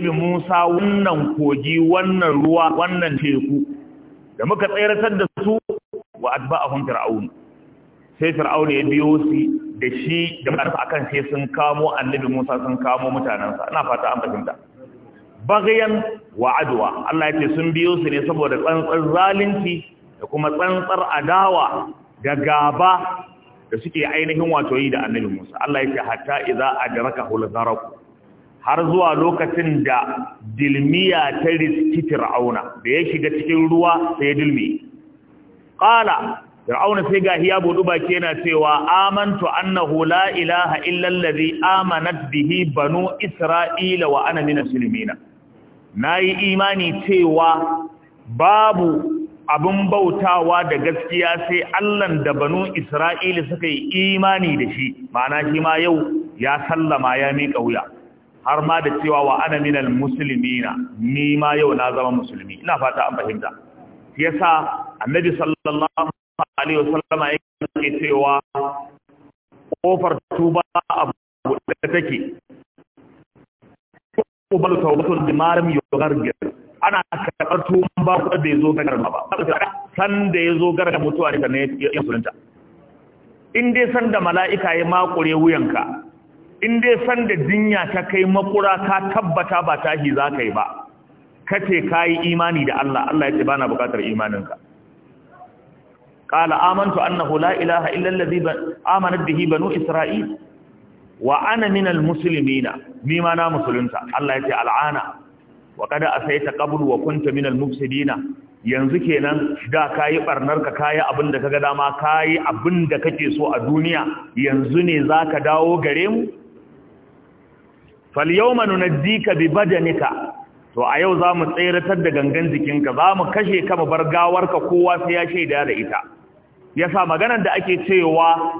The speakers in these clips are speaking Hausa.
annabi Musa wannan kogi wannan ruwa wannan teku da muka tsayartar da su wa atba'ahum fir'aun sai fir'aun ya biyo su da shi da a akan sai sun kamo annabi Musa sun kamo mutanansa ina fata an fahimta bagayan wa adwa Allah ya ce sun biyo su ne saboda tsantsar zalunci da kuma tsantsar adawa da gaba da suke ainihin wato yi da annabi Musa Allah ya ce hatta idza adraka hul zaraku har zuwa lokacin da dilmiya ta riski fir'auna da ya shiga cikin ruwa sai dilmi ƙala fir'auna sai ga hiya buɗu baki yana cewa amantu annahu la ilaha illa amanat bihi banu isra'ila wa ana min muslimina nayi imani cewa babu abin bautawa da gaskiya sai allahn da banu isra'ila suka yi imani da shi ma'ana shi ma yau ya sallama ya miƙa wuya har ma da cewa wa ana minal muslimina ni ma yau na zama musulmi ina fata an fahimta yasa annabi sallallahu alaihi wasallama yake cewa kofar tuba abu da take tawbatu tawbatul dimarim yugargir ana karɓar tuba ba ku da ya zo ta garma ba san da ya zo mutuwa ne ya sunta in dai san da mala'ika ya makure wuyanka in dai san da jinya ta kai makura ka tabbata ba tahi za ka yi ba kace ka yi imani da Allah Allah ya ce bana bukatar imaninka qala amantu annahu la ilaha illa allazi amanat isra'il wa ana min almuslimina ni na musulunta Allah ya ce al'ana wa sai asaita qablu wa kunta min almufsidina yanzu kenan da kayi barnar ka kayi abin da kaga dama kayi abin da kake so a duniya yanzu ne zaka dawo gare mu falyawma nunajjika bi badanika to a yau zamu tseratar da gangan jikinka zamu kashe ka bar gawarka kowa sai ya shaida da ita yasa maganar da ake cewa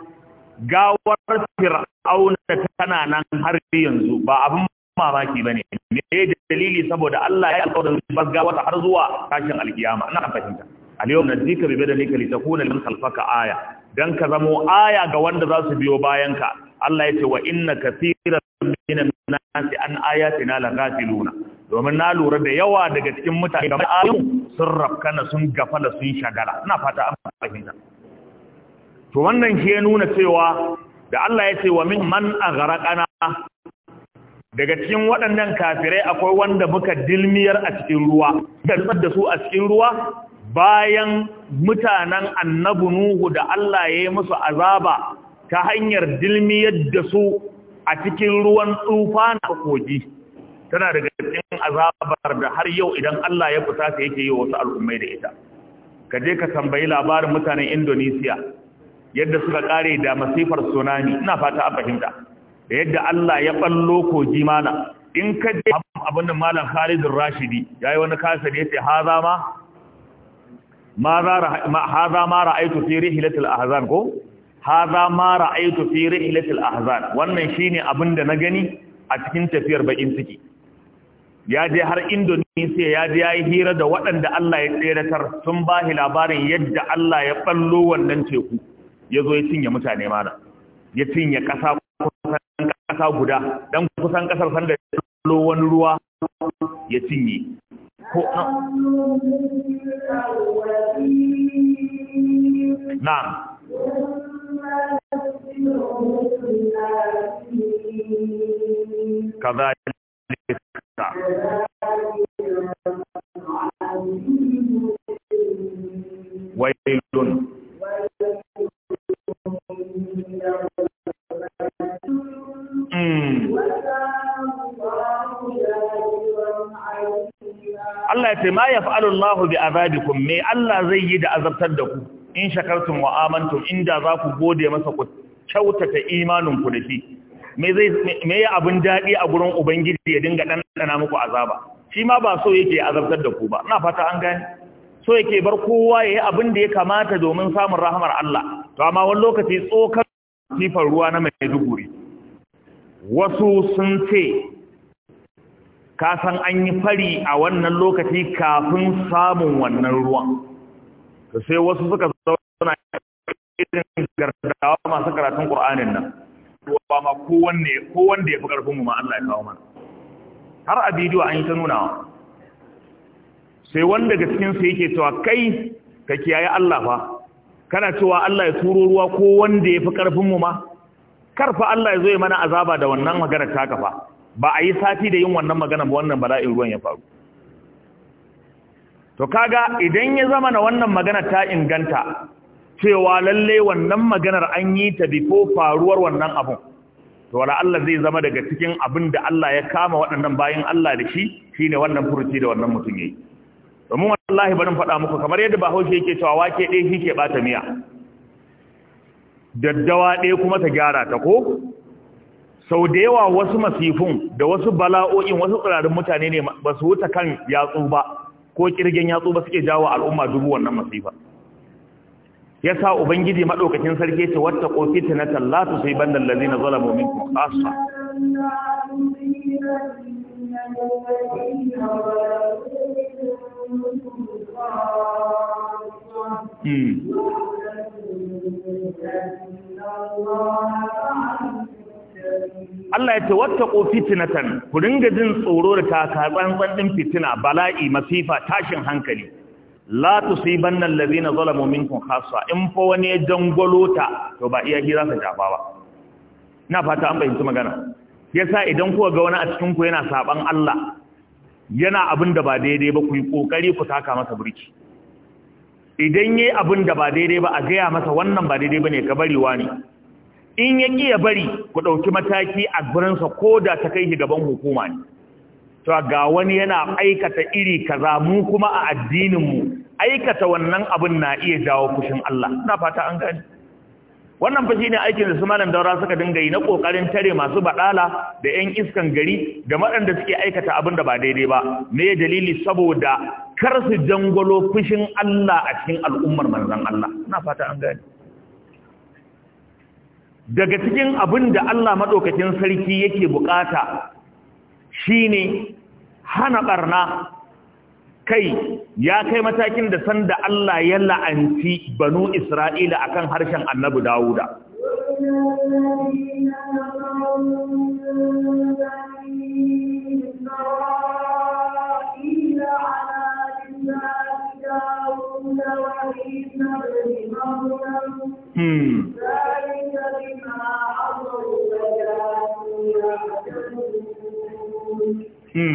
gawar fir'auna tana nan har yanzu ba abin mamaki bane me dalili saboda Allah ya alƙawarin bar gawar har zuwa tashin alkiyama ina fahimta al-yawm nadika bi badanika litakuna liman khalfaka aya dan ka zamo aya ga wanda za su biyo bayan ka Allah ya ce wa inna kaseeran minan nasi an ayatina la ghafiluna domin na lura da yawa daga cikin mutane da alim sun rafkana sun gafala sun shagara ina fata an fahimta to wannan shi nuna cewa da Allah ya ce wa min man agharqana daga cikin waɗannan kafirai akwai wanda muka dilmiyar a cikin ruwa tsar da su a cikin ruwa bayan mutanen annabi Nuhu da Allah ya yi musu azaba ta hanyar dilmiyar da su a cikin ruwan tsufa na kogi tana daga cikin azabar da har yau idan Allah ya fita sai yake yi wasu al'ummai da ita ka je ka tambayi labarin mutanen Indonesia yadda suka kare da masifar tsunami ina fata a fahimta da yadda Allah ya ballo kogi mana in ka je abin da malam Khalid Rashidi yayi wani kasa da yace haza ma ma za ma ra'aytu fi rihlatil ahzan ko haza ma ra'aytu fi rihlatil ahzan wannan shine abin da na gani a cikin tafiyar bakin ciki ya je har Indonesia ya je yayi hira da waɗanda Allah ya tseratar sun ba shi labarin yadda Allah ya ballo wannan teku yazo ya cinye mutane mana ya cinye kasa kusan ƙasa guda dan kusan ƙasar sanda da ballo wani ruwa ya cinye ko na'am كذلك ويل hmm. Allah ya ce ma ya fa'alun lahu bi azabikum me Allah zai yi da azabtar da ku. in shakartum wa amantum inda za ku gode masa ku kyautata imanin ku da shi me zai me ya abin dadi a gurin ubangiji ya dinga dan dana muku azaba shi ma ba so yake azabtar da ku ba ina fata an gane so yake bar kowa yayi abin da ya kamata domin samun rahmar Allah to amma wani lokaci tsokar sifar ruwa na mai duguri wasu sun ce ka san an yi fari a wannan lokaci kafin samun wannan ruwan sai wasu suka irin gardawa masu karatun ƙur'anin nan ruwa ma kowanne kowanne ya fi ƙarfin mu ma Allah ya kawo mana har a bidiyo an yi ta nunawa sai wanda ga cikin yake cewa kai ka kiyaye Allah fa kana cewa Allah ya turo ruwa kowanne ya fi ƙarfin mu ma karfa Allah ya zo ya mana azaba da wannan magana ta kafa ba a yi sati da yin wannan magana ba wannan bala'in ruwan ya faru to kaga idan ya zama na wannan magana ta inganta cewa lalle wannan maganar an yi ta bifo faruwar wannan abun to wala Allah zai zama daga cikin abin da Allah ya kama waɗannan bayan Allah da shi shine wannan furuci da wannan mutum yayi domin wallahi barin faɗa muku kamar yadda Bahaushe yake cewa wake ɗaya shi ke bata miya daddawa ɗaya kuma ta gyara ta ko sau da yawa wasu masifun da wasu bala'o'in wasu tsirarin mutane ne ba su wuta kan yatsu ba ko kirgin yatsu ba suke jawo al'umma dubu wannan masifa ya sa ubangiji maɗaukacin sarki ce wata ƙofi ta na tallatu sai bandan lalzi na zola momin ƙasa hmm. Allah ya ce wata ƙofi tinatan ku dinga jin tsoro da takatsantsan ɗin fitina bala'i masifa tashin hankali la tusibanna allazina zalamu minkum khassa in fa wani ya ta, to ba iya hira ka jafa ba ina fata an bayyana magana yasa idan kuka ga wani a cikin ku yana saban Allah yana abin da ba daidai ba ku yi kokari ku taka masa burki idan yayi abin da ba daidai ba a gaya masa wannan ba daidai bane ka bari wani in ya ki ya bari ku dauki mataki a gurin sa koda ta kai shi gaban hukuma ne to ga wani yana aikata iri kaza mu kuma a addinin mu aikata wannan abin na iya jawo kushin Allah ina fata an gani wannan fa shine aikin da su malam daura suka dinga yi na kokarin tare masu badala da yan iskan gari da madanda suke aikata abin da ba daidai ba me ya dalili saboda kar su jangolo fushin Allah a cikin al'ummar manzon Allah ina fata an gani daga cikin abin da Allah madaukakin sarki yake bukata shine hana barna kai ya kai matakin da sanda Allah ya la'anci banu Isra'ila akan harshen annabi Dawuda. Hmm. Allah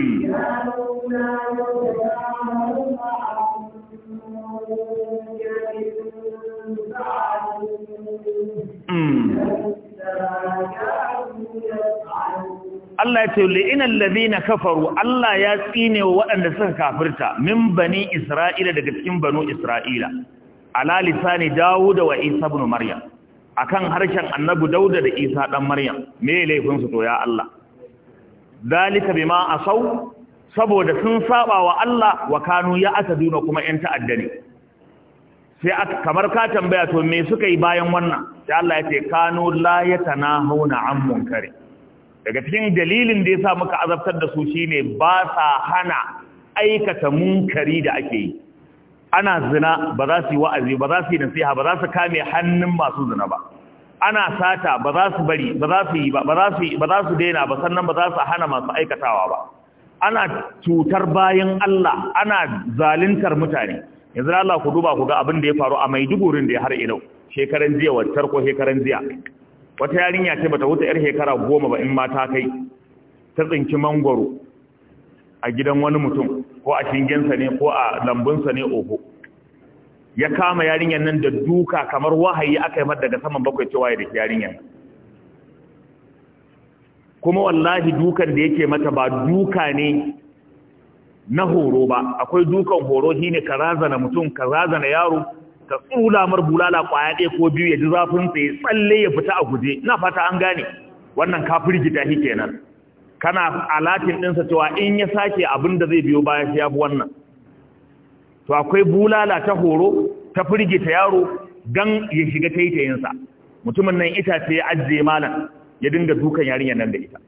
ya ce li'inal ladina kafaru Allah ya tsine wa waɗanda suka kafirta min bani Isra'ila daga cikin banu Isra'ila ala lisani Dawuda wa Isa ibn Maryam akan harshen Annabi Dauda da Isa ɗan Maryam me laifin su to ya Allah dalika bima asau saboda sun saba wa Allah wa kanu ya asaduna kuma yan ta'adda ne sai aka kamar ka tambaya to me suka yi bayan wannan sai Allah ya ce kanu la yatanahuna an munkari daga cikin dalilin da yasa muka azabtar da su shine ba sa hana aikata munkari da ake yi ana zina ba za su yi wa'azi ba za su yi nasiha ba za su kame hannun masu zina ba ana sata ba za su bari ba za su yi ba ba za su daina ba sannan ba za su hana masu aikatawa ba ana cutar bayan Allah ana zaluntar mutane yanzu Allah ku duba ku ga abin da ya faru a Maiduguri da har ilau shekaran jiya waccar ko shekaran jiya wata yarinya ce bata wuce yar shekara goma ba in mata kai ta tsinki mangoro a gidan wani mutum ko a shingensa ne ko a lambunsa ne oho ya kama yarinyar nan da duka kamar wahayi aka yi daga saman bakwai cewa ya dake yarinyar kuma wallahi dukan da yake mata ba duka ne na horo ba akwai dukan horo ne ka razana mutum ka razana yaro ka tsula mar bulala kwaya ɗaya ko biyu ya ji zafin ya tsalle ya fita a guje na fata an gane wannan kafir gida shi kenan kana alatin ɗinsa cewa in ya sake abin da zai biyo baya shi ya bi wannan to akwai bulala ta horo ta firgita yaro gan ya shiga taitayinsa mutumin nan itace ya ajiye malam ya dinga dukan yarinyar nan da ita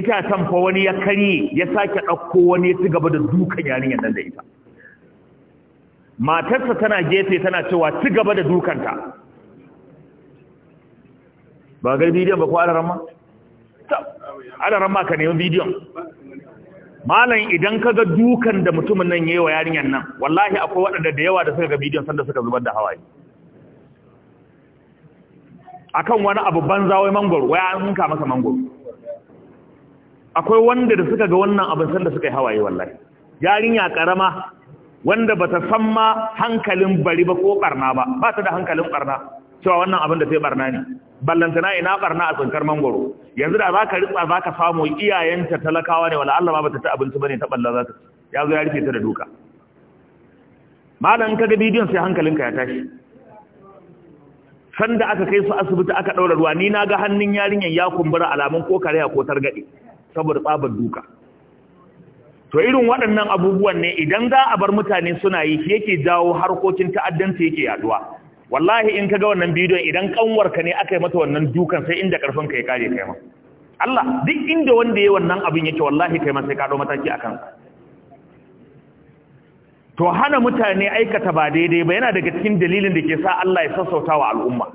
itacen fa wani ya karye ya sake ɗauko wani ya ci gaba da dukan yarinyar nan da ita matarsa tana gefe tana cewa ci gaba da dukanta ba ga bidiyon ba ko alaran ma? alaran ma ka nemi bidiyon malam idan ka ga dukan da mutumin nan yayi wa yarinyar nan wallahi akwai waɗanda da yawa da suka ga bidiyon sanda suka zubar da hawaye akan wani abu banza wai mangoro wai an hunka masa mangoro akwai wanda da suka ga wannan abin sanda suka yi hawaye wallahi yarinya karama wanda bata san ma hankalin bari ba ko barna ba ba ta da hankalin barna cewa wannan abin da sai barna ne ballantana ina barna a tsinkar mangoro yanzu da baka ritsa baka samu iyayenta talakawa ne wala Allah ba bata ta abinci bane ta balla za ta ya zo ya rufe ta da duka malam ka ga bidiyon sai hankalinka ya tashi sanda aka kai su asibiti aka daura ruwa ni na ga hannun yarinyar ya kumbura alamun ko karaya ko targade saboda tsabar duka to irin waɗannan abubuwan ne idan za a bar mutane suna yi shi yake jawo harkokin ta'addanci yake yaduwa wallahi in kaga wannan bidiyon idan kanwarka ne aka yi mata wannan dukan sai inda karfin ka ya kare kai ma Allah duk inda wanda yayi wannan abin yake wallahi kai ma sai ka dau mataki akan sa to hana mutane aikata ba daidai ba yana daga cikin dalilin da ke sa Allah ya sassauta wa al'umma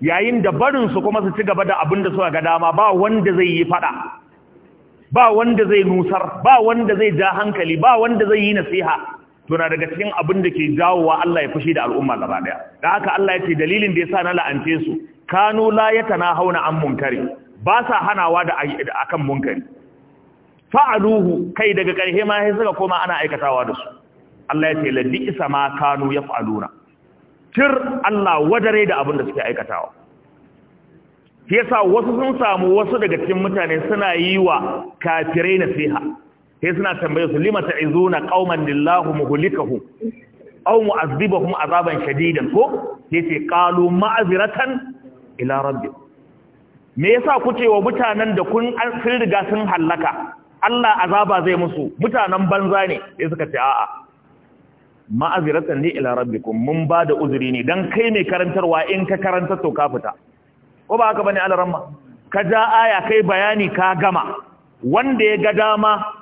yayin da barin su kuma su ci gaba da abin da suka ga dama ba wanda zai yi fada ba wanda zai nusar ba wanda zai ja hankali ba wanda zai yi nasiha tuna daga cikin abin da ke jawowa Allah ya fushi da al'umma gaba daya da haka Allah ya ce dalilin da ya sa na la'ance su kanu la hauna an munkari ba sa hanawa da akan munkari fa'aluhu kai daga ƙarhe ma sai suka koma ana aikatawa da su Allah ya ce laddi isa ma kanu fa’aluna. tir Allah wadare da abin da suke aikatawa yasa wasu sun samu wasu daga cikin mutane suna yi wa kafirai nasiha sai suna tambaye su lima ta'izuna qauman lillahu muhlikahu aw mu'azibahum azaban shadidan ko sai sai qalu ma'azratan ila rabbi me yasa kuce wa mutanen da kun an sun riga sun hallaka Allah azaba zai musu mutanen banza ne sai suka ce a'a ma'aziratan ne ila rabbikum mun ba da uzuri ne dan kai mai karantarwa in ka karanta to ka fita ko ba haka bane alaramma ka ja aya kai bayani ka gama wanda ya ga dama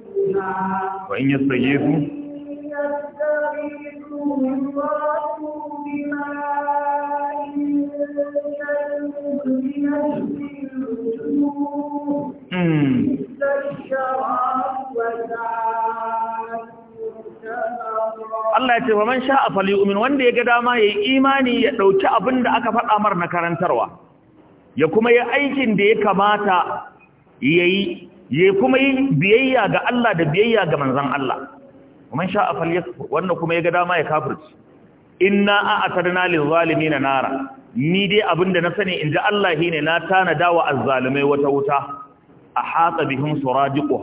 wa in hmm. Allah ya ce wa man sha'a falyu'min wanda ya ga dama yayi imani ya dauki abin da aka faɗa mar na karantarwa ya kuma yi aikin da ya kamata yayi ya kuma yi biyayya ga Allah da biyayya ga manzan Allah kuma sha a wanda kuma ya ga dama ya kafirci inna a'tadna lil na nara ni dai abin da na sani inji Allah shine na tanada wa azzalimai wata wuta A ahata bihim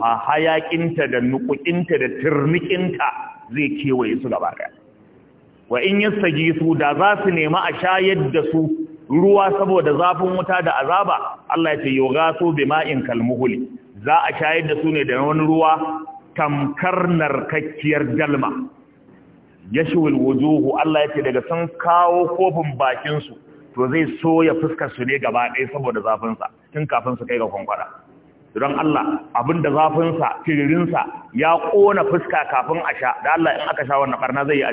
ha hayaƙinta da nukukinta da tirnikinta zai kewaye su gaba daya wa in su da za su nemi a shayar da su ruwa saboda zafin wuta da azaba Allah ya ce yoga su bima'in kalmuhuli za a shayar da su ne da wani ruwa tamkar narkakkiyar dalma yashwil wujuhu Allah ce daga sun kawo kofin bakin su to zai so ya fuskar su ne gaba ɗaya saboda zafin sa tun kafin su kai ga kwankwara don Allah abinda zafin sa tiririn sa ya kona fuska kafin a sha da Allah in aka sha wannan barna zai yi a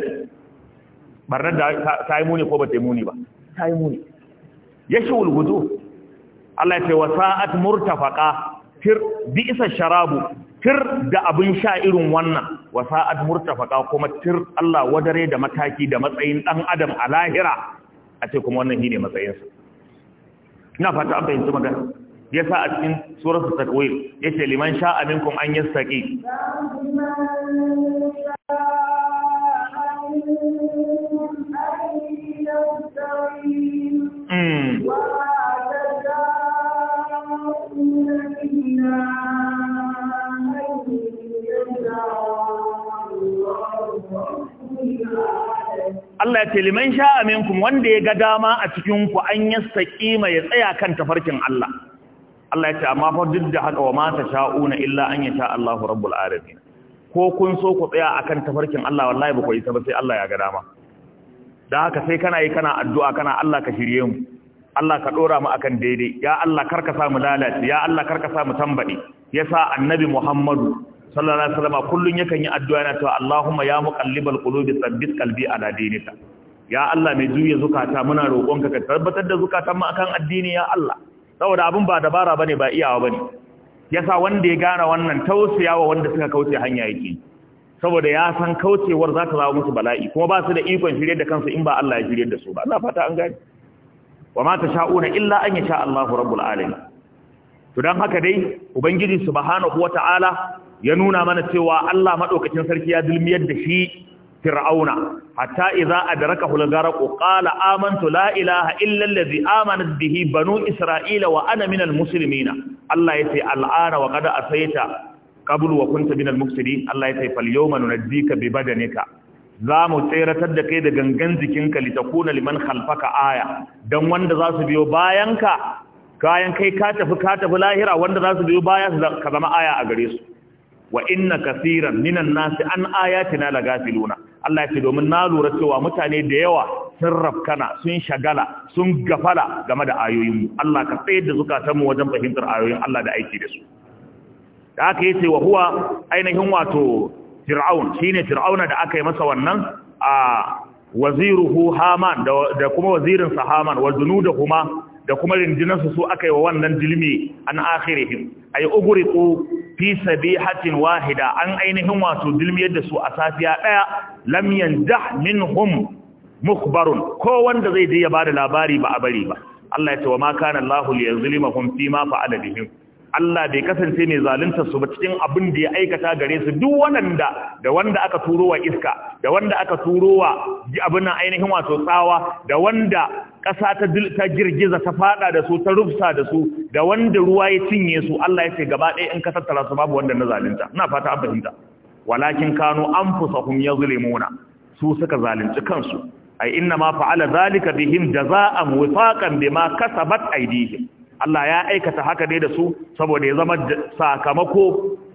barna da ta yi muni ko ba ta yi muni ba ta yi muni yashwil wujuhu Allah ce wa sa'at murtafaqa fir bi isa sharabu Fir da abin sha irin wannan wasa'ad murtafaqa kuma tir Allah wadare da mataki da matsayin dan adam a lahira a ce kuma wannan shine matsayinsa ina fata an fahimci magana yasa a cikin suratul takwir yace liman sha'a minkum an yastaqi mm Allah ya ce liman sha'a minkum wanda ya ga dama a cikin ku an yastaqima ya tsaya kan tafarkin Allah Allah ya ce amma fa duk da haka wa ma sha'una illa an yasha Allahu rabbul alamin ko kun so ku tsaya akan tafarkin Allah wallahi ba ku yi ba sai Allah ya ga dama da haka sai kana yi kana addu'a kana Allah ka shirye mu Allah ka dora mu akan daidai ya Allah karka sa mu lalace ya Allah karka sa mu tambade yasa annabi Muhammadu sallallahu alaihi wasallam kullun yakan yi addu'a yana cewa Allahumma ya muqallibal qulubi tsabbit qalbi ala dinika ya Allah mai juya zukata muna roƙonka ka tabbatar da zukatan mu akan addini ya Allah saboda abin ba dabara bane ba iyawa bane yasa wanda ya gane wannan tausayawa wanda suka kauce hanya yake saboda ya san kaucewar za ta zama musu bala'i kuma ba su da ikon shirye da kansu in ba Allah ya shirye da su ba Allah fata an gane wa ma tasha'una illa an yasha Allahu rabbul alamin to dan haka dai ubangiji subhanahu wataala ya nuna mana cewa Allah maɗaukacin sarki ya dulmiyar da shi fir'auna hatta idza adraka hul gharq qala amantu la ilaha illa allazi amanat bihi banu isra'ila wa ana minal muslimina Allah yace al'ana wa qad asaita qablu wa kunta minal mufsidin Allah yace fal yawma nunajjika bi badanika zamu tseratar da kai da gangan jikinka litakuna liman khalfaka aya dan wanda su biyo bayanka kayan kai ka tafi ka tafi lahira wanda su biyo baya ka zama aya a gare su wa inna kaseeran minan nasi an ayatina lagafiluna Allah ya ce domin na lura cewa mutane da yawa sun rafkana sun shagala sun gafala game da ayoyinmu Allah ka tsayar da zukatanmu wajen fahimtar ayoyin Allah da aiki da su da aka yi ce wa huwa ainihin wato fir'aun shine fir'auna da aka yi masa wannan a waziruhu haman da kuma Wazirin haman wa junudahuma da kuma rindinansu su aka yi wa wannan dilmi an akhirihim ay ugriqu fi sabihatin wahida an ainihin wato dilmiyar da su a safiya daya lam yanjah minhum mukhbarun ko wanda zai dai ya bada labari ba a bari ba Allah ya ce wa ma kana Allahu liyazlimahum fi ma fa'ala bihim Allah bai kasance mai zalunta su ba cikin abin da ya aikata gare su duk wanda da wanda aka turo wa iska da wanda aka turo wa abin ainihin wato tsawa da wanda ƙasa ta ta girgiza ta fada da su ta rufsa da su da wanda ruwa ya cinye su Allah ya ce gaba ɗaya in ka tattara su babu wanda na zalunta ina fata an fahimta walakin kanu anfusahum yazlimuna su suka zalunci kansu ai inna ma fa'ala zalika bihim jazaa'an wifaqan bima kasabat aydihim Allah ya aikata haka ne da su saboda ya zama sakamako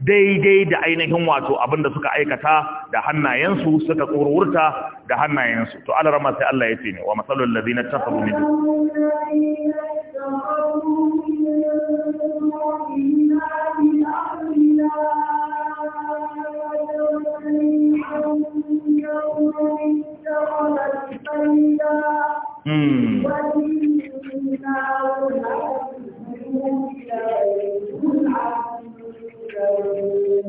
daidai da ainihin wato abinda suka aikata da hannayensu suka tsururta da hannayensu to Allah rama sai Allah ya ce ne wa masalul ladina tafaru min Hmm.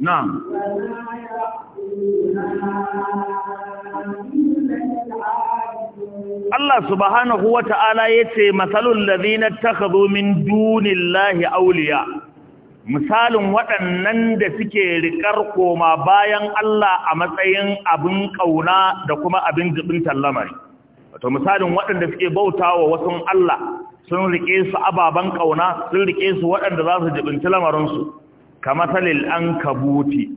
نعم Allah subhanahu wa ta'ala ya ce, Matsalun lazina ta ka min dunin lahi auliya, misalin waɗannan da suke riƙar koma bayan Allah a matsayin abin ƙauna da kuma abin jibintar lamari. Wato, misalin waɗanda suke bauta wa wasu Allah sun riƙe su ababen ƙauna, sun riƙe su waɗanda za su jibinci lamarinsu. kamatalil an kabuti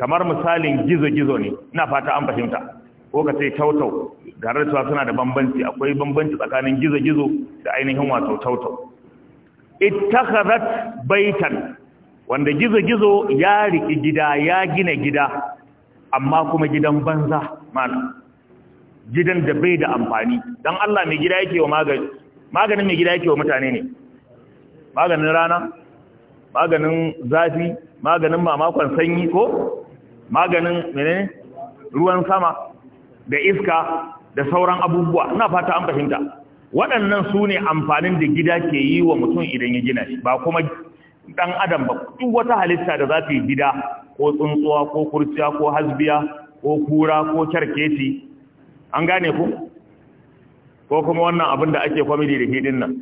kamar misalin gizo-gizo ne ina fata an fahimta ko ka sai tautau tare da cewa suna da bambanci akwai bambanci tsakanin gizo-gizo da ainihin wato tautau ittakhadhat baitan wanda gizo-gizo ya riki gida ya gina gida amma kuma gidan banza mana gidan da bai da amfani dan Allah mai gida yake wa magani maganin mai gida yake wa mutane ne maganin rana maganin zafi maganin mamakon sanyi ko maganin mene ruwan sama da iska da sauran abubuwa ina fata an fahimta waɗannan su ne amfanin da gida ke yi wa mutum idan ya gina shi ba kuma ɗan adam ba duk wata halitta da za ta yi gida ko tsuntsuwa ko kurciya ko hasbiya ko kura ko kyarketi an gane ku ko kuma wannan abin da ake kwamidi da hidin nan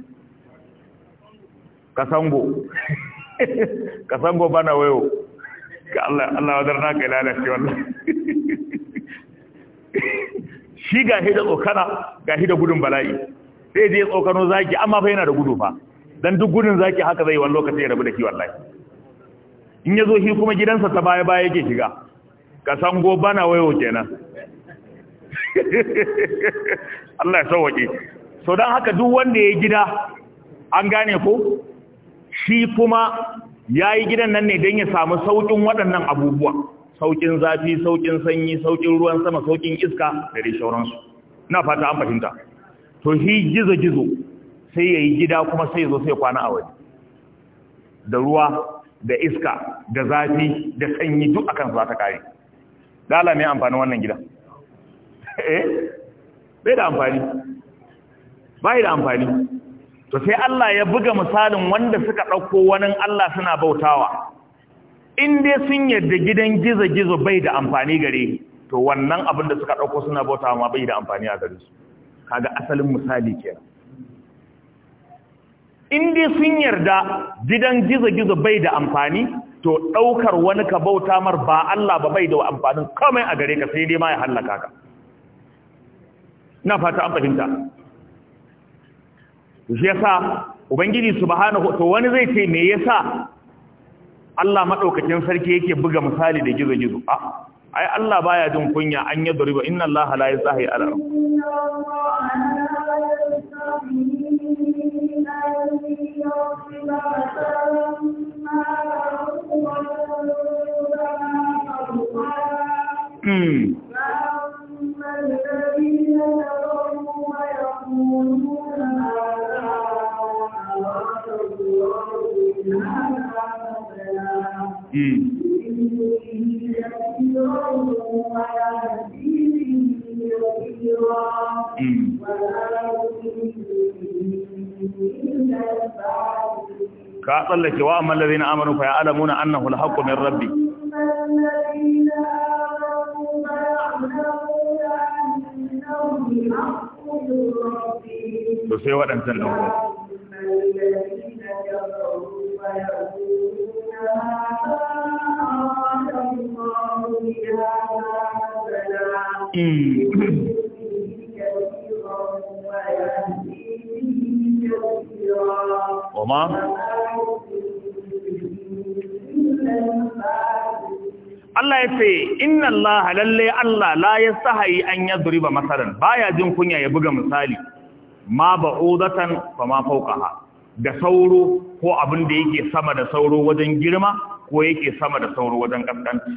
kasango ka san gobe na wayo ka Allah Allah wadar na kai lalace wannan shi ga hida tsokana ga hida gudun bala'i sai je tsokano zaki amma fa yana da gudu fa dan duk gudun zaki haka zai wani lokaci ya rabu da shi wallahi in ya zo shi kuma gidansa ta baya baya yake shiga ka san gobe na wayo kenan Allah ya sauwaƙe so don haka duk wanda ya gida an gane ko shi kuma ya yi gidan nan ne don ya samu sauƙin waɗannan abubuwa sauƙin zafi sauƙin sanyi sauƙin ruwan sama sauƙin iska da dai shauransu na fata an fahimta to shi gizo-gizo sai ya yi gida kuma sai ya zo sai kwana a waje da ruwa da iska da zafi da sanyi duk akan za ta kare dala mai amfani wannan gidan eh bai da amfani bai da amfani to sai Allah ya buga misalin wanda suka ɗauko wani Allah suna bautawa in dai sun yadda gidan gizo-gizo bai da amfani gare to wannan abin da suka ɗauko suna bautawa ma bai da amfani a gare su kaga asalin misali kenan in dai sun yarda gidan gizo-gizo bai da amfani to ɗaukar wani ka bauta mar ba Allah ba bai da amfanin kamai a gare ka sai dai ma ya hallaka ka na fata an fahimta shi yasa ubangiji subhanahu to wani zai ce me yasa Allah madaukakin sarki yake buga misali da gizo gizo a ai Allah baya jin kunya an ya duriba inna Allah la yasahi ala Hmm. ka tsallake wa amma lalazina amanu fa ya'lamuna annahu al-haqqu min rabbi to sai waɗancan ɗan uwa وما mm. Allah ya ce inna Allah halalle Allah la ya yastahi an masarar. Ba ya jin kunya ya buga misali ma ozatan ba ma fawqaha da sauro ko abin da yake sama da sauro wajen girma ko yake sama da sauro wajen kaskanci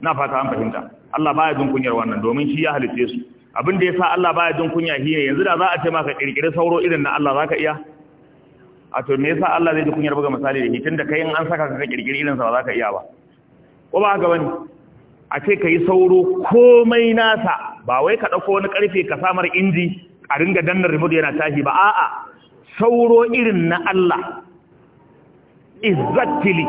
na fata an fahimta Allah baya jin kunyar wannan domin shi ya halitte su abin da yasa Allah baya jin kunya shi ne yanzu da za a ce maka kirkire sauro irin na Allah zaka iya a to me yasa Allah zai ji kunyar buga misali da shi tunda kai in an saka ka kirkire irin sa ba ka iya ba ko ba ga bane a ce kai sauro komai nasa ba wai ka dauko wani karfe ka samar inji a ringa danna remote yana tashi ba a'a sauro irin na Allah izzatili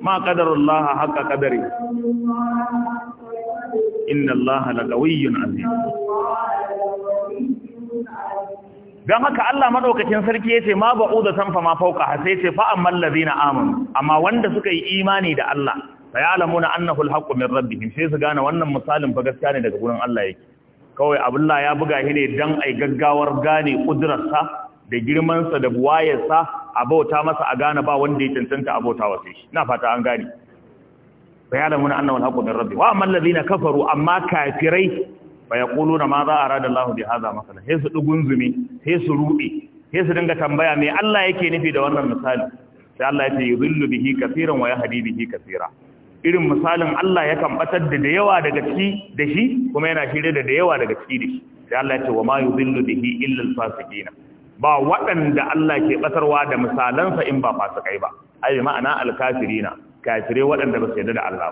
ma haka haqa inda inna allaha lagawiyyun azim Don haka Allah maɗaukacin sarki yace ma da sanfa ma fauka sai yace fa'an ammal na amanu amma wanda suka yi imani da Allah fayalamuna na alhaqqu min rabbi sai su gane wannan misalin fa gaskiya ne daga gurin Allah yake kawai abullah ya buga shi ne dan ai gaggawar gane kudurarsa da girmansa da buwayarsa a bauta masa a gane ba wanda ya cancanta a bauta wasu shi na fata an gane bayalamuna annawal haqqu min rabbi wa amman ladina kafaru amma kafirai fa na ma za a rada Allahu bi hadha masalan sai su zumi, sai su rube sai su dinga tambaya me Allah yake nufi da wannan misali sai Allah ya ce yudhillu bihi kaseeran wa yahdi bihi kaseera irin misalin Allah yakan batar da da yawa daga ciki da shi kuma yana shirye da da yawa daga ciki da shi sai Allah ya ce wa ma yudhillu bihi illa al-fasiqina ba waɗanda Allah ke ɓasarwa da misalansa in ba kai ba ayi ma'ana na. kafire waɗanda ba su da Allah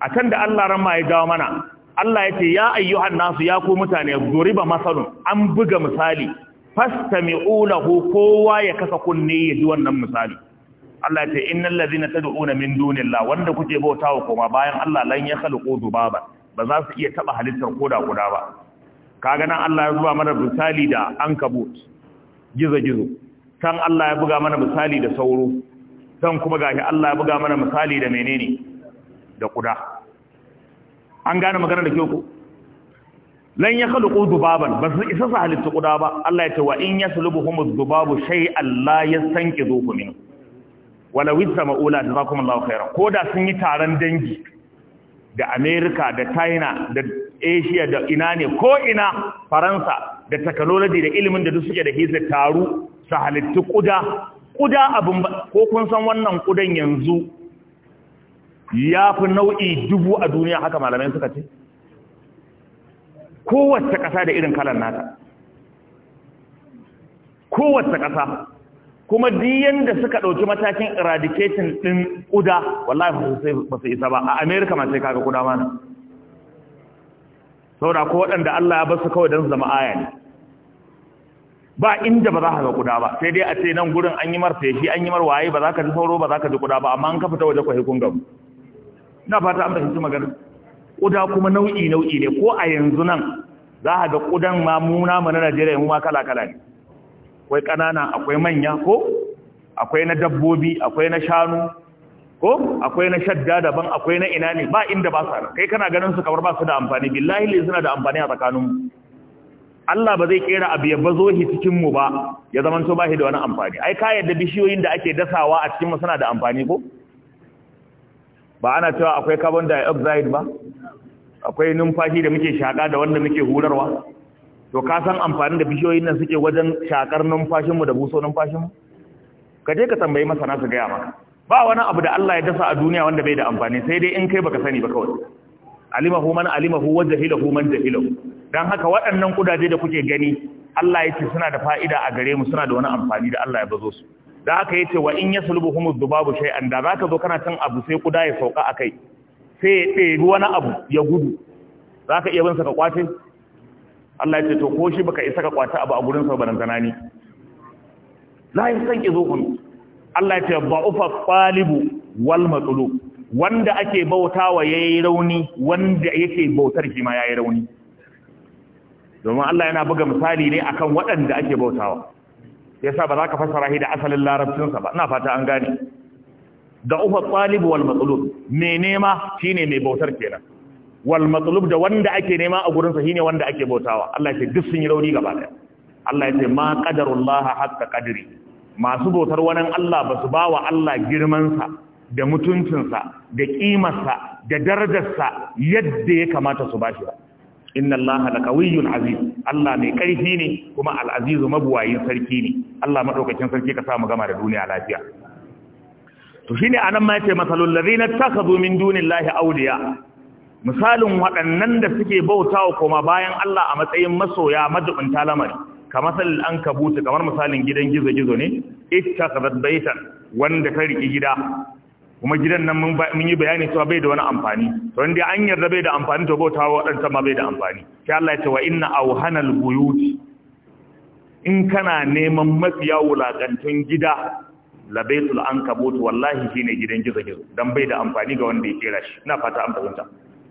ba kan da Allah ran ma ya gawa mana Allah ya ce ya ayyuhan nasu ya ku mutane ba masalun an buga misali Fasta ula ko kowa ya kasa kunne ya ji wannan misali Allah ce na ladhina tad'una min dunillahi wanda kuke bautawa koma bayan Allah lan ya khalqu ba za su iya taba halittar koda kuda ba kaga nan Allah ya zuba mana misali da ankabut gizo-gizo kan Allah ya buga mana misali da sauro kan kuma gashi Allah ya buga mana misali da menene da kuda an gane magana da kyau ko lan ya khaluqu dubaban ba su isa su halitta kuda ba Allah ya ce wa in yaslubuhum dubabu shay'an la yastanqidhu min da sama'ula Allah khairan ko da sun yi taron dangi da Amerika da China da Asia da ina ne ko ina Faransa da takalolaji da ilimin da duk suke da hisa taru su halittu kuda kuda abin ko kun san wannan kudan yanzu ya fi nau'i dubu a duniya haka malamai suka ce kowace ƙasa da irin kalan nata kowace ƙasa kuma diyan da suka ɗauki matakin eradication ɗin kuda wallahi ba su isa ba a amerika ma sai kaga kuda mana saboda ko waɗanda Allah ya basu kawai don zama aya ne ba inda ba za ka ga kuda ba sai dai a ce nan gurin an yi mar feshi an yi mar waye ba za ka ji sauro ba za ka ji kuda ba amma an ka fita waje kwahi kun gamu na fata an fahimci magana kuda kuma nau'i nau'i ne ko a yanzu nan za ka ga kudan ma muna mu na Najeriya mu ma kala kala ne akwai ƙanana akwai manya ko akwai na dabbobi akwai na shanu ko akwai na shadda daban akwai na ina ne ba inda ba sa kai kana ganin su kamar ba su da amfani billahi lillahi suna da amfani a tsakaninmu Allah ba zai kera abu ya bazo shi cikin mu ba ya zaman to ba shi da wani amfani ai ka yadda bishiyoyin da ake dasawa a cikin mu suna da amfani ko ba ana cewa akwai carbon dioxide ba akwai numfashi da muke shaka da wanda muke hurarwa to ka san amfanin da bishiyoyin nan suke wajen shakar numfashin mu da buso numfashin mu ka je ka tambayi masana su gaya maka ba wani abu da Allah ya dasa a duniya wanda bai da amfani sai dai in kai baka sani ba kawai alimahu man alimahu wa jahilahu man jahilahu dan haka waɗannan kudaje da kuke gani Allah ya ce suna da fa'ida a gare mu suna da wani amfani da Allah ya bazo su da haka yace wa in yaslubuhum dhubabu shay'an da zaka zo kana cin abu sai kuda ya sauka akai sai ya ɗebi wani abu ya gudu zaka iya bin sa ka kwace Allah ya ce to ko shi baka isa ka kwace abu a gurin sa baran zanani la yasanqizuhum Allah ce ufa qalibu wal matlub wanda ake bautawa yayi rauni wanda yake bautar shi ma yayi rauni domin Allah yana buga misali ne akan waɗanda ake bautawa yasa ba za ka fassara shi da asalin larabcin sa ba ina fata an gane da ufa ƙwalibu wal matlub me nema shine mai bautar kenan wal matlub da wanda ake nema a gurin sa shine wanda ake bautawa Allah ya ce duk sun yi rauni gaba daya Allah ya ce ma qadarullahi haqqo qadri masu bautar wani Allah ba su ba wa Allah girmansa da mutuncinsa da ƙimarsa da darajarsa yadda ya kamata su ba shi ba inna da laqawiyyun aziz Allah mai ƙarfi ne kuma Al'azizu mabuwayin sarki ne Allah madaukakin sarki ka samu gama da duniya lafiya to shine anan ma yace masalul ladina takhadhu min dunillahi awliya misalin waɗannan da suke bautawa koma bayan Allah a matsayin masoya madubin talamari kamar salil an kabuta kamar misalin gidan gizo-gizo ne ita sabat baitan wanda ta riƙe gida kuma gidan nan mun yi bayani cewa bai da wani amfani to inda an yarda bai da amfani to bauta wa waɗanta ma bai da amfani sai Allah ya ce wa inna awhanal buyuti in kana neman mafiya wulakantun gida labaitul ankabut wallahi shine gidan gizo-gizo dan bai da amfani ga wanda ya kera shi ina fata an fahimta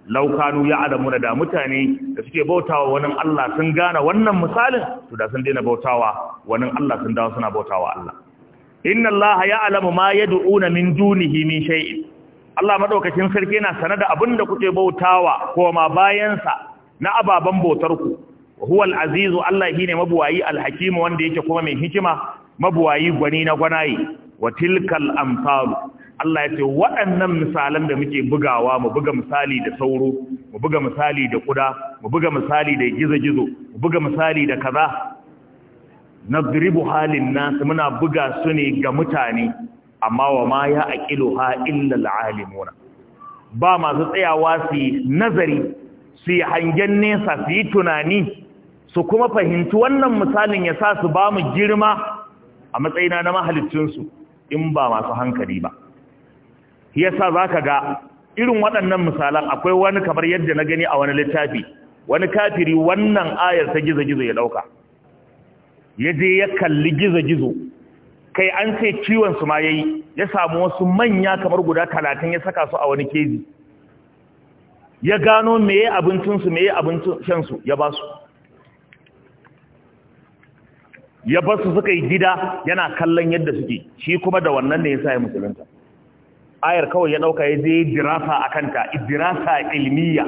laukanu ya adamuna da mutane da suke bautawa wani Allah sun gane wannan misalin to da sun daina bautawa wani Allah sun dawo suna bautawa Allah inna Allah ya alamu ma yad'una min dunihi min shay'in Allah madaukakin sarki yana sanar da abinda kuke bautawa ko ma bayan sa na ababan bautar ku huwal azizu Allah shine mabuwayi Alhakima wanda yake kuma mai hikima mabuwayi gwani na gwanayi wa tilkal amsal Allah ya ce waɗannan misalan da muke bugawa mu buga misali da sauro mu buga misali da kuda mu buga misali da gizo-gizo mu buga misali da kaza nadribu halin nas muna buga su ne ga mutane amma wa ma ya ha illa alalimuna ba masu tsayawa su nazari su hangen nesa su yi tunani su kuma fahimci wannan misalin ya sa su ba mu girma a matsayina na su, in ba masu hankali ba yasa za ka ga irin waɗannan misalan akwai wani kamar yadda na gani a wani littafi wani kafiri wannan ayar ta gizo-gizo ya ɗauka ya je ya kalli gizo-gizo kai an ce ciwon su ma yayi ya samu wasu manya kamar guda talatin ya saka su a wani keji ya gano meye abincinsu meye abincinsu ya ba su ya ba su suka yi gida yana kallon yadda suke shi kuma da wannan ne ya sa ya musulunta ayar kawai ya ɗauka ya je dirasa a kanta dirasa ilmiya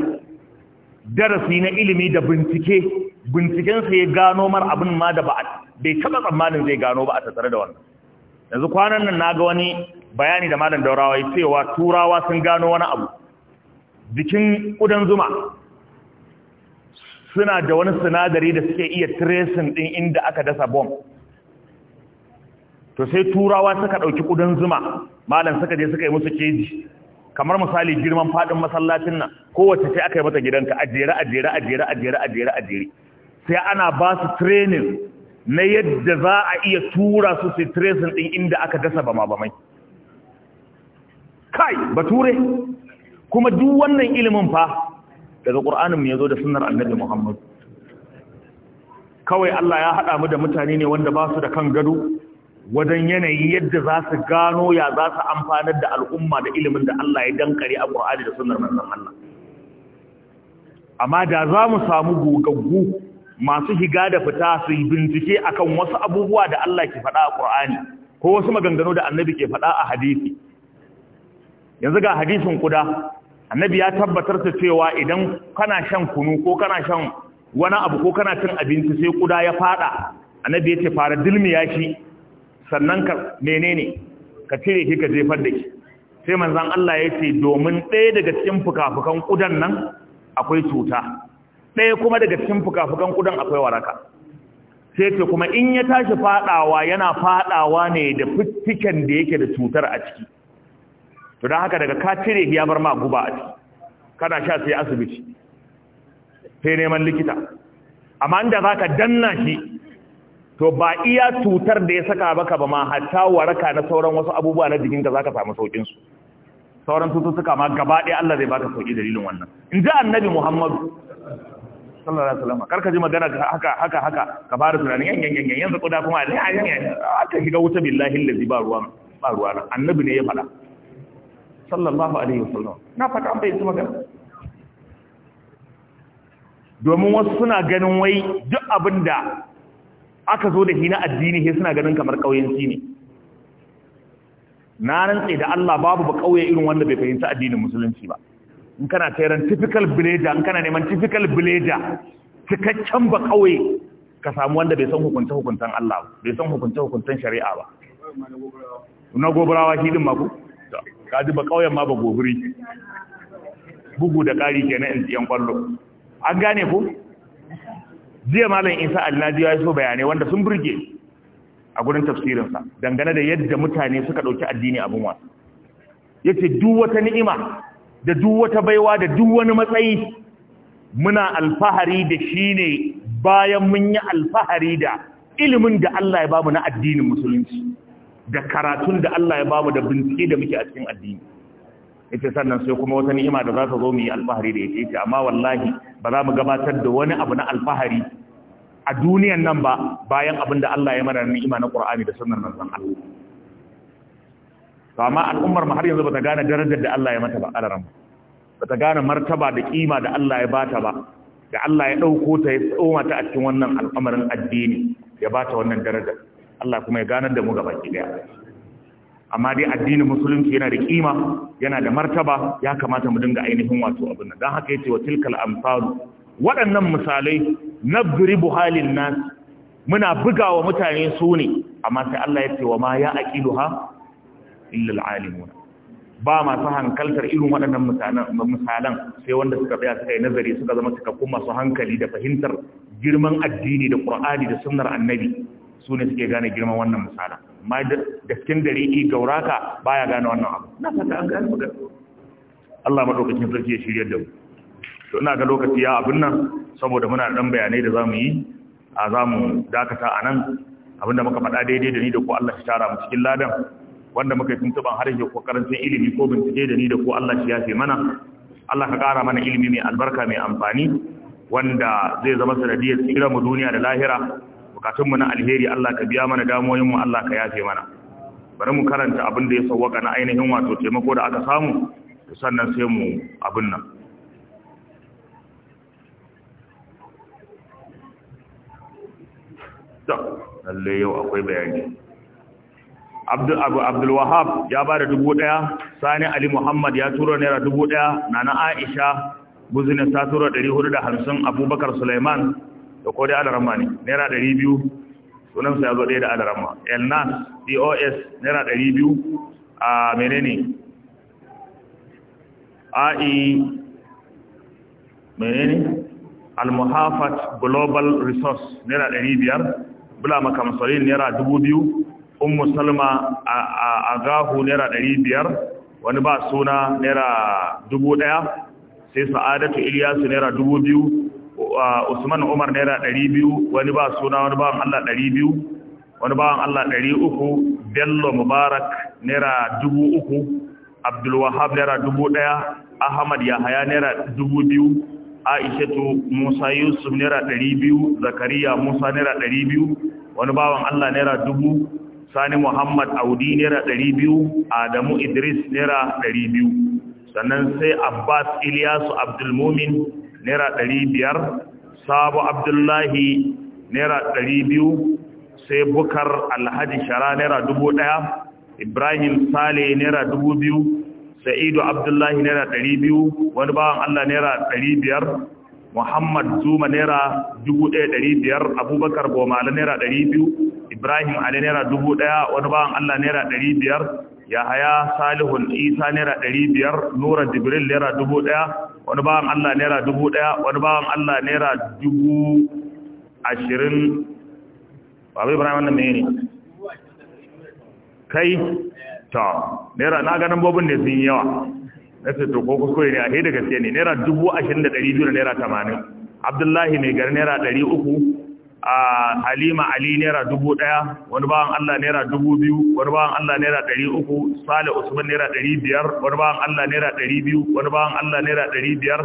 darasi na ilimi da bincike bincikensa ya gano mar abin ma da ba bai taɓa tsammanin zai gano ba a tattare da wannan yanzu kwanan nan na ga wani bayani da malam daurawa ya cewa turawa sun gano wani abu jikin ƙudan zuma suna da wani sinadari da suke iya tracing ɗin inda aka dasa bom. to sai turawa suka ɗauki ƙudan zuma malam suka je suka yi musu keji kamar misali girman faɗin masallacin nan kowace sai aka yi mata gidanka a jere a jere a jere a jere a jere sai ana ba su training na yadda za a iya tura su su tracing ɗin inda aka dasa bama bamai kai Ba Ture! kuma duk wannan ilimin fa daga ƙur'anin mu ya zo da sunnar annabi muhammad kawai allah ya haɗa mu da mutane ne wanda ba su da kan gado wajen yanayi yadda za su gano ya za su amfanar da al'umma da ilimin da Allah ya dankare a Qur'ani da sunnar manzon Allah amma da za mu samu gugaggu masu higa da fita su yi bincike akan wasu abubuwa da Allah ke faɗa a Qur'ani ko wasu maganganu da Annabi ke faɗa a hadisi yanzu ga hadisin kuda Annabi ya tabbatar da cewa idan kana shan kunu ko kana shan wani abu ko kana cin abinci sai kuda ya faɗa Annabi ya ce fara dilmi ya shi sannan ka menene ka cire shi ka jefar da shi sai manzon Allah ya ce domin ɗaya daga cikin fukafukan kudan nan akwai cuta ɗaya kuma daga cikin fukafukan kudan akwai waraka sai ce kuma in ya tashi fadawa yana fadawa ne da fitikan da yake da cutar a ciki to don haka daga ka cire ya bar ma guba a ciki kana sha sai asibiti sai neman likita amma inda za danna shi to ba iya cutar da ya saka baka ba ma hatta waraka na sauran wasu abubuwa na jikinka zaka samu saukin su sauran cututtuka ma gaba ɗaya Allah zai baka sauki dalilin wannan in ji annabi Muhammadu sallallahu alaihi wasallam karka ji magana haka haka haka ka fara tunanin yan yan yan yanzu koda kuma ne yan yan aka shiga wuta billahi allazi ba ruwa ba ruwa annabi ne ya faɗa sallallahu alaihi wasallam na faɗa an bai magana domin wasu suna ganin wai duk abinda aka zo da shi na addini sai suna ganin kamar kauyanci ne na rantse da Allah babu ba kauye irin wanda bai fahimci addinin musulunci ba in kana tayaran typical villager in kana neman typical villager cikakken ba ƙauye ka samu wanda bai san hukunce hukuntan Allah bai san hukunce hukuntan shari'a ba na gobarawa shi din mako ka ji ba ƙauyen ma ba gobiri bugu da ƙari kenan in yan kwallo an gane ku? jiya malam isa alnaji ya so bayanai wanda sun burge a gurin tafsirinsa dangane da yadda mutane suka ɗauki addini abin wasu ya ce duk wata ni'ima da duk wata baiwa da duk wani matsayi muna alfahari da shi ne bayan mun yi alfahari da ilimin da Allah ya bamu na addinin musulunci da karatun da Allah ya bamu da bincike da muke a cikin addini ita sannan sai kuma wata ni'ima da za ta zo mu yi alfahari da ita ita amma wallahi ba za mu gabatar da wani abu na alfahari a duniyan nan ba bayan abin da Allah ya mana ni'ima na Qur'ani da sunnar manzon Allah to amma al'ummar mu har yanzu bata gane darajar da Allah ya mata ba alaram bata gane martaba da kima da Allah ya bata ba da Allah ya dauko ta ya tsoma ta a cikin wannan al'amarin addini ya bata wannan darajar Allah kuma ya ganar da mu gaba ki daya amma dai addinin musulunci yana da kima yana da martaba ya kamata mu dinga ainihin wato abin nan don haka yace wa tilkal amsalu waɗannan misalai nadribu halin nas muna bugawa mutane su ne amma sai Allah ya ce wa ma ya aqiluha illa alalimun ba masu hankaltar irin waɗannan misalan sai wanda suka tsaya suka yi nazari suka zama cikakkun masu hankali da fahimtar girman addini da ƙur'ani da sunnar annabi su ne suke gane girman wannan misalan amma gaskin gari i gauraka baya gane wannan abu na fata an gane magana Allah madaukakin sarki ya shiryar da mu to ina ga lokaci ya abin nan saboda muna dan bayanai da zamu yi a zamu dakata anan abinda muka faɗa daidai da ni da ku Allah shi tara mu cikin ladan wanda muka yi tuntuban harshe ko karancin ilimi ko bincike da ni da ku Allah shi yafe mana Allah ka ƙara mana ilimi mai albarka mai amfani wanda zai zama sanadiyar tsira mu duniya da lahira bukatunmu na alheri Allah ka biya mana damoyinmu Allah ka yafe mana bari mu karanta abin da ya sauwaka na ainihin wato taimako da aka samu sannan sai mu abin nan lalle yau akwai bayani abdul wahab ya ba da dubu daya sani ali muhammad ya tura naira dubu daya nana aisha Buzina ta tura 450 abubakar Sulaiman. da ko dai alarama ne naira ɗari biyu sunansa ya zo ɗaya da alarama elnas dos naira ɗari biyu a menene ai e, menene al-muhafat global resource naira ɗari biyar bula makamsalin naira dubu biyu ummu salma a gahu naira ɗari biyar wani ba suna naira dubu ɗaya sai sa'adatu iliyasu naira dubu biyu Usman Umar naira 200 wani ba suna wani bawan Allah 200 wani bawan Allah 300 Bello Mubarak naira 3000 Abdul Wahab naira 1000 Ahmad Yahaya naira 2000 Aishatu Musa Yusuf naira 200 Zakariya Musa naira 200 wani bawan Allah naira 1000 Sani Muhammad Audi naira 200 Adamu Idris naira 200 sannan sai Abbas Ilyasu Abdul Mumin naira ɗari biyar Sabu abdullahi naira ɗari biyu sai bukar alhaji shara naira dubu ɗaya ibrahim sale naira dubu biyu sa'idu abdullahi naira ɗari biyu wani bawan allah naira ɗari biyar muhammad zuma naira dubu ɗaya ɗari biyar abubakar bomala naira ɗari biyu ibrahim ali naira dubu ɗaya wani bawan allah naira ɗari biyar yahaya salihun isa naira ɗari biyar nura jibril naira dubu ɗaya wani bawan Allah naira dubu ɗaya wani bawan Allah naira dubu ashirin bai ibrahim wannan mai ne kai ta naira na ganin bobin da sun yawa na ce to ko kuskure ne a hei gaske ne naira dubu ashirin da ɗari biyu da naira tamanin abdullahi mai gari naira ɗari uku Halima Ali naira dubu ɗaya, wani bawan Allah naira dubu biyu, wani bawan Allah naira ɗari uku, Sale Usman naira ɗari biyar, wani bawan Allah naira ɗari biyu, wani bawan Allah naira ɗari biyar,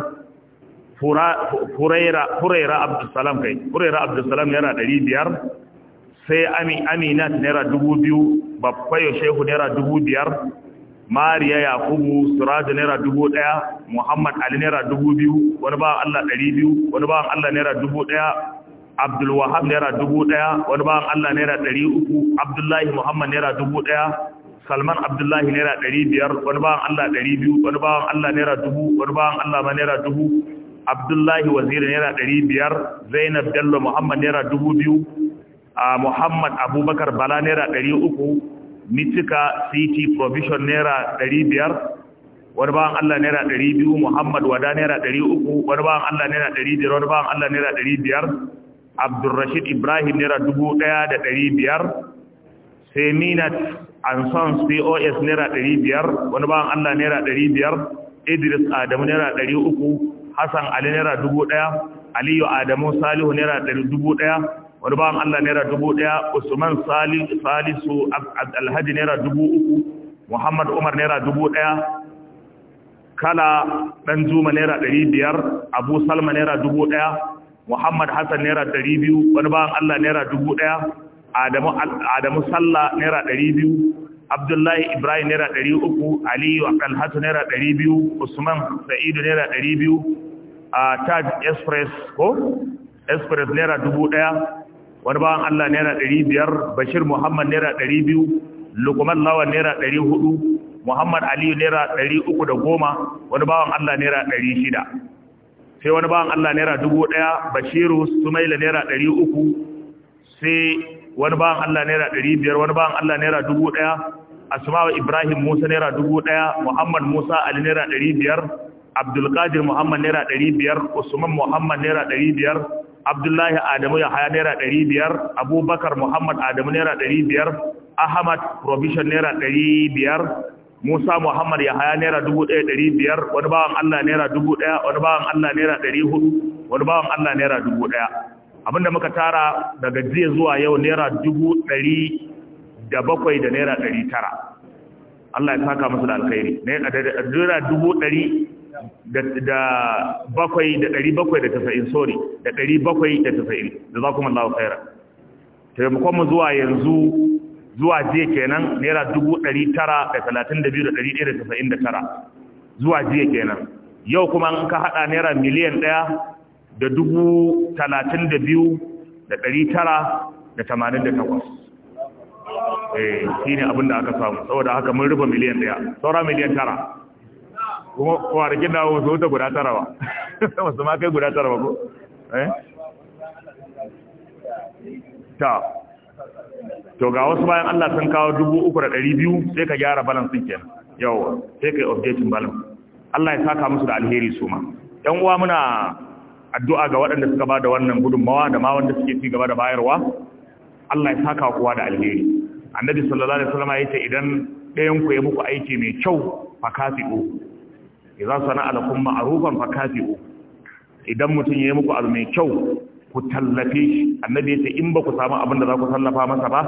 Furaira Abdulsalam kai, Furaira Abdulsalam naira ɗari biyar, sai Amina naira dubu biyu, Bakwayo Shehu naira dubu biyar, Mariya Yakubu Suraju naira dubu ɗaya, Muhammad Ali naira dubu biyu, wani bawan Allah ɗari biyu, wani bawan Allah naira dubu ɗaya, abdul naira dubu daya wani bawan allah naira ɗari uku abdullahi muhammad naira dubu daya salman abdullahi naira ɗari biyar wani bawan allah ɗari biyu wani bawan allah naira dubu wani bawan allah ma naira dubu abdullahi waziri naira ɗari biyar zainab bello muhammad naira dubu biyu muhammad abubakar bala naira ɗari uku mitika city provision naira ɗari biyar wani bawan allah naira ɗari biyu muhammad wada naira ɗari uku wani bawan allah naira ɗari biyar wani bawan allah naira ɗari biyar abdurrashid ibrahim naira dubu ɗaya da ɗari biyar sai minat and sons pos naira ɗari biyar wani bawan allah naira ɗari biyar idris adamu naira ɗari uku hassan ali naira dubu ɗaya aliyu adamu salihu naira dubu ɗaya wani bawan allah naira dubu ɗaya usman salisu alhaji naira dubu uku muhammad umar naira dubu ɗaya kala ɗan juma naira ɗari biyar abu salma naira dubu ɗaya muhammad hassan naira ɗari biyu wani bayan allah naira dubu ɗaya adamu sallah naira ɗari biyu abdullahi ibrahim naira ɗari uku aliyu Akalhatu naira ɗari biyu usman sa'idu naira ɗari biyu a taj express ko express naira dubu ɗaya wani bayan allah naira ɗari biyar bashir muhammad naira ɗari biyu lukman lawan naira ɗari hudu muhammad aliyu naira ɗari uku da goma wani bayan allah naira ɗari shida sai wani bawan Allah naira dubu ɗaya bashiru maila naira ɗari uku sai wani bawan Allah naira ɗari biyar wani bawan Allah naira dubu ɗaya asma'u ibrahim musa naira dubu ɗaya muhammad musa ali naira ɗari biyar abdulkadir muhammad naira ɗari biyar usman muhammad naira ɗari biyar abdullahi adamu ya haya naira ɗari biyar abubakar muhammad adamu naira ɗari biyar ahmad provision naira ɗari biyar Musa Muhammad ya haya naira dubu ɗaya ɗari biyar wani bawan Allah naira dubu ɗaya wani bawan Allah naira ɗari hudu wani bawan Allah naira dubu ɗaya abinda muka tara daga jiya zuwa yau naira dubu ɗari da bakwai da naira ɗari tara Allah ya saka musu da alkhairi naira dubu ɗari da bakwai da ɗari bakwai da tasa'in sorry da ɗari bakwai da tasa'in da za kuma Allah khaira taimakon zuwa yanzu zuwa jiya kenan naira dubu ɗari tara da talatin da biyu da ɗari ɗaya da tasa'in da tara zuwa jiya kenan yau kuma in ka haɗa naira miliyan ɗaya da dubu talatin da biyu da ɗari tara da tamanin da takwas eh shi ne abin da aka samu saboda haka mun rufe miliyan ɗaya saura miliyan tara kuma kwanakin da wasu wuta guda tara ba wasu ma kai guda tara ba ko eh ta to ga wasu bayan Allah sun kawo dubu uku da ɗari biyu sai ka gyara balance ɗin kenan yawa sai ka yi updating balance Allah ya saka musu da alheri su ma ɗan uwa muna addu'a ga waɗanda suka ba da wannan gudunmawa da ma wanda suke ci gaba da bayarwa Allah ya saka kowa da alheri annabi sallallahu alaihi wasallam yace idan ɗayan ku ya muku aiki mai kyau fa kafi'u Idan sana'a lakum ma'rufan fa kafi'u idan mutun ya muku abu mai kyau ku tallafe shi annabi yace in ba ku samu abin da za ku tallafa masa ba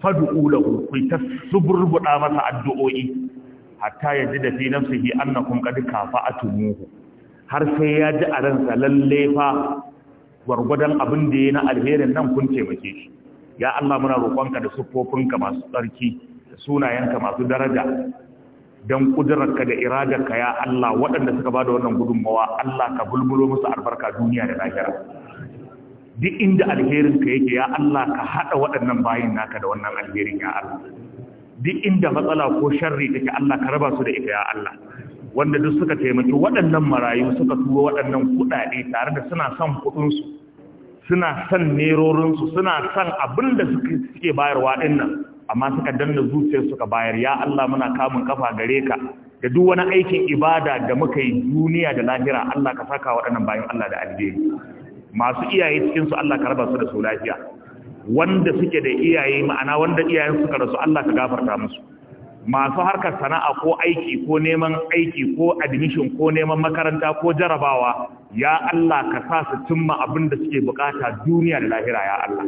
fad'u lahu ku ta suburbuda masa addu'o'i hatta yaji da fi nafsihi annakum qad kafa'atumuhu har sai ya ji a ransa lalle fa gwargwadon abin da yayi na alherin nan kun taimake shi ya Allah muna roƙonka da siffofinka masu tsarki da sunayenka masu daraja don ƙudurarka da iradarka ya Allah waɗanda suka ba da wannan gudunmawa Allah ka bulbulo musu albarka duniya da lahira duk inda alherin ka yake ya Allah ka hada waɗannan bayin naka da wannan alherin ya Allah duk inda matsala ko sharri take Allah ka raba su da ita ya Allah wanda duk suka taimaki waɗannan marayu suka tuwo waɗannan kuɗaɗe tare da suna son kuɗinsu suna son nerorinsu suna son abin da suke bayarwa ɗin nan amma suka danna zuciyar suka bayar ya Allah muna kamun kafa gare ka da duk wani aikin ibada da muka yi duniya da lahira Allah ka saka waɗannan bayan Allah da alheri. masu iyaye cikin Allah ka raba su da su lafiya wanda suke da iyaye ma'ana wanda iyayen suka rasu Allah ka gafarta musu masu harkar sana'a ko aiki ko neman aiki ko admission ko neman makaranta ko jarabawa ya Allah ka sa su cimma abin da suke bukata duniya da lahira ya Allah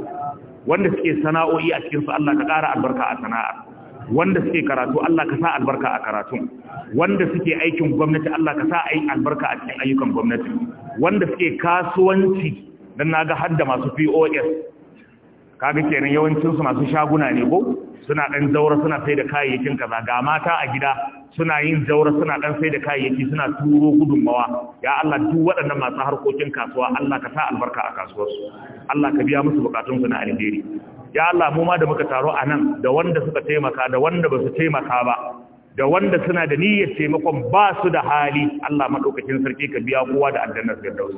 wanda suke sana'o'i a cikin su Allah ka ƙara albarka a sana'a. wanda suke karatu Allah ka sa albarka a karatun wanda suke aikin gwamnati Allah ka sa ai albarka a cikin ayyukan gwamnati wanda suke kasuwanci don na ga hadda masu pos kaga kenan yawancinsu masu shaguna ne ko suna ɗan zaura suna sai da kayayyakin kaza ga mata a gida suna yin zaura suna ɗan sai da kayayyaki suna turo gudunmawa ya Allah duk waɗannan masu harkokin kasuwa Allah ka sa albarka a kasuwarsu Allah ka biya musu bukatunsu na alheri ya Allah mu ma da muka taro a nan da wanda suka taimaka da wanda ba su taimaka ba da wanda suna da niyyar taimakon ba su da hali Allah madaukakin sarki ka biya kowa da aljannar firdaus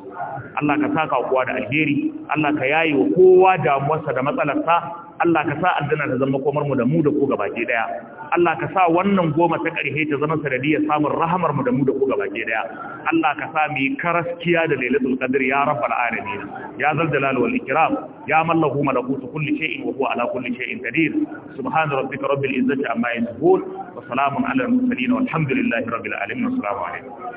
Allah ka saka kowa da alheri Allah ka yayi wa kowa damuwarsa da matsalarsa Allah ka sa aljanna ta zama komar mu da mu da ku gabaki ɗaya. Allah ka sa wannan goma ta ƙarhe ta zama sanadiyar samun rahamar mu da mu da ku gaba ke daya Allah ka sa mu yi karaskiya da lailatul qadr ya rabbal alamin ya zal jalal wal ikram ya man lahu malakutu kulli shay'in wa huwa ala kulli shay'in qadir subhan rabbika rabbil izzati amma yasifun wa salamun ala al mursalin walhamdulillahi rabbil alamin assalamu alaikum